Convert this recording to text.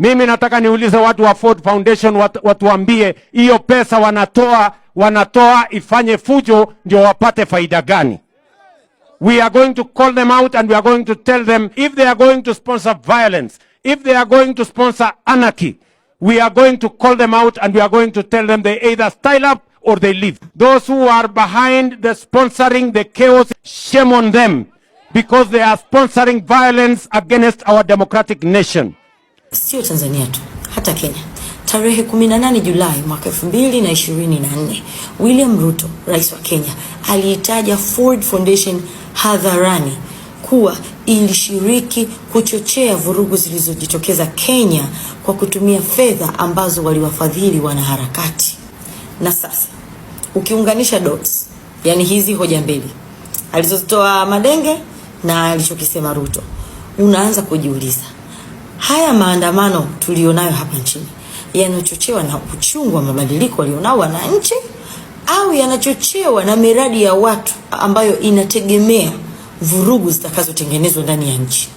Mimi nataka niulize watu wa Ford Foundation watu, watuambie hiyo pesa wanatoa wanatoa ifanye fujo ndio wapate faida gani? We are going to call them out and we are going to tell them if they are going to sponsor violence, if they are going to sponsor anarchy, we are going to call them out and we are going to tell them they either style up or they leave. Those who are behind the sponsoring the chaos, shame on them because they are sponsoring violence against our democratic nation. Sio Tanzania tu, hata Kenya. Tarehe 18 Julai mwaka 2024, William Ruto, rais wa Kenya, aliitaja Ford Foundation hadharani kuwa ilishiriki kuchochea vurugu zilizojitokeza Kenya kwa kutumia fedha ambazo waliwafadhili wanaharakati. Na sasa ukiunganisha dots, yani hizi hoja mbili alizozitoa Madenge na alichokisema Ruto, unaanza kujiuliza haya maandamano tulionayo hapa nchini yanachochewa na uchungu wa mabadiliko walionao wananchi au yanachochewa na miradi ya watu ambayo inategemea vurugu zitakazotengenezwa ndani ya nchi?